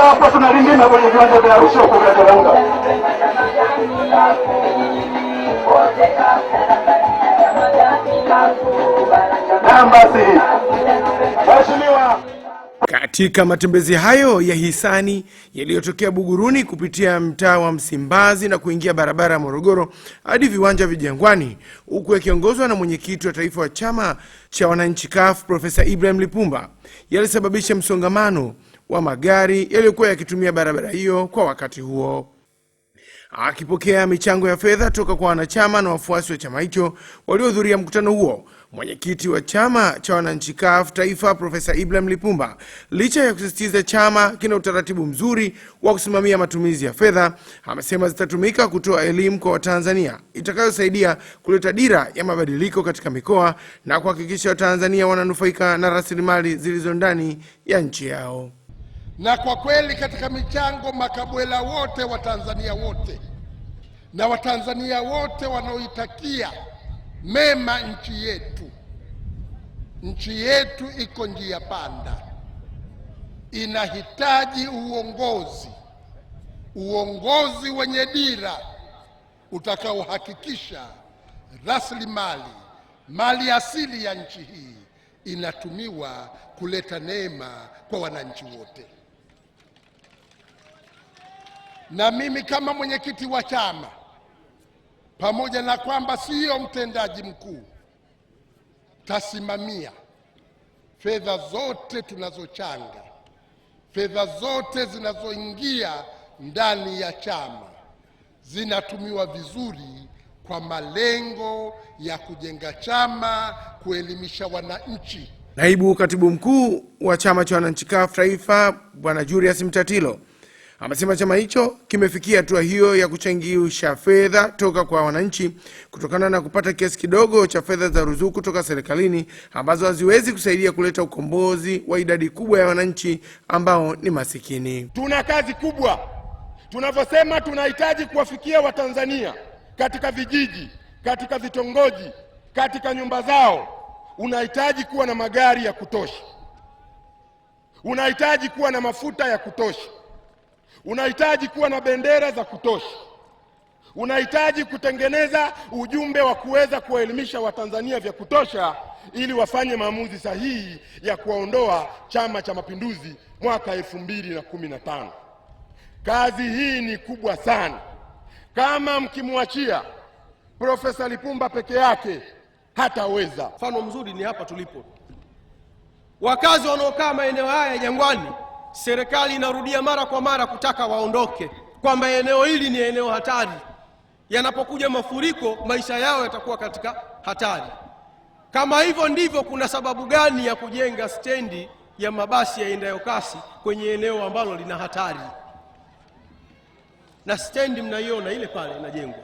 Hapa kwenye viwanja vya Arusha huko katika matembezi hayo ya hisani yaliyotokea Buguruni kupitia mtaa wa Msimbazi na kuingia barabara ya Morogoro hadi viwanja vya Jangwani, huku yakiongozwa na mwenyekiti wa taifa wa chama cha wananchi CUF Profesa Ibrahim Lipumba, yalisababisha msongamano wa magari yaliyokuwa yakitumia barabara hiyo kwa wakati huo. Akipokea michango ya fedha toka kwa wanachama na wafuasi wa chama hicho waliohudhuria mkutano huo, mwenyekiti wa chama cha wananchi CUF Taifa, Profesa Ibrahim Lipumba, licha ya kusisitiza chama kina utaratibu mzuri wa kusimamia matumizi ya fedha, amesema zitatumika kutoa elimu kwa Watanzania itakayosaidia kuleta dira ya mabadiliko katika mikoa na kuhakikisha Watanzania wananufaika na rasilimali zilizo ndani ya nchi yao na kwa kweli katika michango makabwela wote Watanzania wote na Watanzania wote wanaoitakia mema nchi yetu. Nchi yetu iko njia panda, inahitaji uongozi, uongozi wenye dira utakaohakikisha rasilimali mali asili ya nchi hii inatumiwa kuleta neema kwa wananchi wote. Na mimi kama mwenyekiti wa chama, pamoja na kwamba siyo mtendaji mkuu, tasimamia fedha zote tunazochanga, fedha zote zinazoingia ndani ya chama zinatumiwa vizuri kwa malengo ya kujenga chama, kuelimisha wananchi. Naibu katibu mkuu wa chama cha wananchi CUF Taifa, Bwana Julius Mtatilo Amesema chama hicho kimefikia hatua hiyo ya kuchangisha fedha toka kwa wananchi kutokana na kupata kiasi kidogo cha fedha za ruzuku toka serikalini ambazo haziwezi kusaidia kuleta ukombozi wa idadi kubwa ya wananchi ambao ni masikini. Tuna kazi kubwa. Tunavyosema tunahitaji kuwafikia Watanzania katika vijiji, katika vitongoji, katika nyumba zao. Unahitaji kuwa na magari ya kutosha, unahitaji kuwa na mafuta ya kutosha Unahitaji kuwa na bendera za kutosha. Unahitaji kutengeneza ujumbe wa kuweza kuwaelimisha Watanzania vya kutosha ili wafanye maamuzi sahihi ya kuwaondoa Chama cha Mapinduzi mwaka elfu mbili na kumi na tano. Kazi hii ni kubwa sana. Kama mkimwachia Profesa Lipumba peke yake hataweza. Mfano mzuri ni hapa tulipo, wakazi wanaokaa maeneo haya ya Jangwani serikali inarudia mara kwa mara kutaka waondoke, kwamba eneo hili ni eneo hatari, yanapokuja mafuriko maisha yao yatakuwa katika hatari. Kama hivyo ndivyo, kuna sababu gani ya kujenga stendi ya mabasi yaendayo kasi kwenye eneo ambalo lina hatari? Na stendi mnaiona ile pale inajengwa.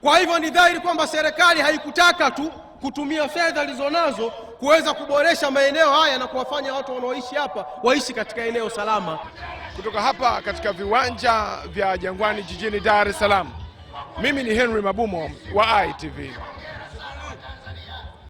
Kwa hivyo ni dhahiri kwamba serikali haikutaka tu kutumia fedha alizonazo kuweza kuboresha maeneo haya na kuwafanya watu wanaoishi hapa waishi katika eneo salama. Kutoka hapa katika viwanja vya Jangwani jijini Dar es Salaam, mimi ni Henry Mabumo wa ITV.